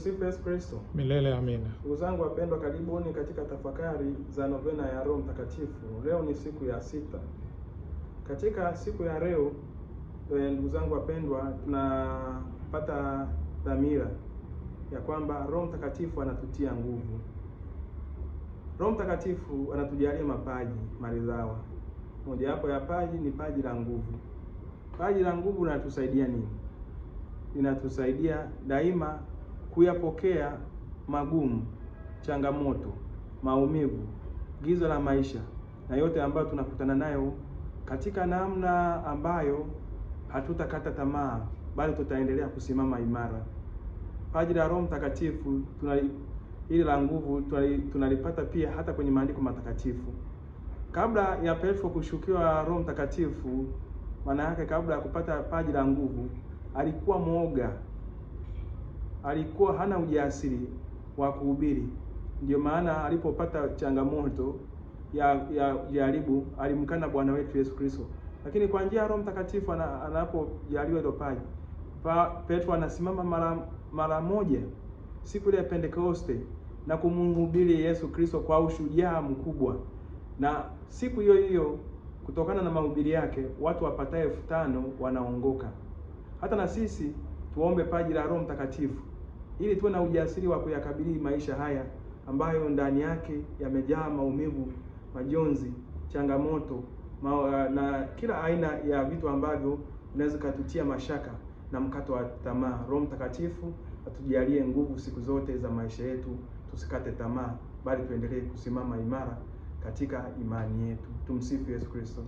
Tumsifu Yesu Kristo. Milele amina. Ndugu zangu wapendwa, karibuni katika tafakari za novena ya Roho Mtakatifu. Leo ni siku ya sita. Katika siku ya leo, eh, ndugu zangu wapendwa, tunapata dhamira ya kwamba Roho Mtakatifu anatutia nguvu. Roho Mtakatifu anatujalia mapaji maridhawa. Mojawapo ya paji ni paji la nguvu. Paji la nguvu linatusaidia nini? Linatusaidia daima kuyapokea magumu, changamoto, maumivu, giza la maisha na yote ambayo tunakutana nayo katika namna ambayo hatutakata tamaa, bali tutaendelea kusimama imara. Paji la Roho Mtakatifu tunali ili la nguvu tunalipata pia hata kwenye maandiko matakatifu. Kabla ya Petro kushukiwa Roho Mtakatifu, maana yake kabla ya kupata paji la nguvu alikuwa mwoga alikuwa hana ujasiri wa kuhubiri, ndio maana alipopata changamoto ya ya jaribu alimkana Bwana wetu Yesu Kristo. Lakini kwa njia ya Roho Mtakatifu anapojaliwa hilo paji, Petro anasimama mara mara moja siku ile ya Pentekoste na kumhubiri Yesu Kristo kwa ushujaa mkubwa, na siku hiyo hiyo kutokana na mahubiri yake watu wapatae elfu tano wanaongoka. Hata na sisi tuombe paji la Roho Mtakatifu ili tuwe na ujasiri wa kuyakabili maisha haya ambayo ndani yake yamejaa maumivu, majonzi, changamoto ma uh, na kila aina ya vitu ambavyo vinaweza kututia mashaka na mkato wa tamaa. Roho Mtakatifu atujalie nguvu siku zote za maisha yetu, tusikate tamaa, bali tuendelee kusimama imara katika imani yetu. Tumsifu Yesu Kristo.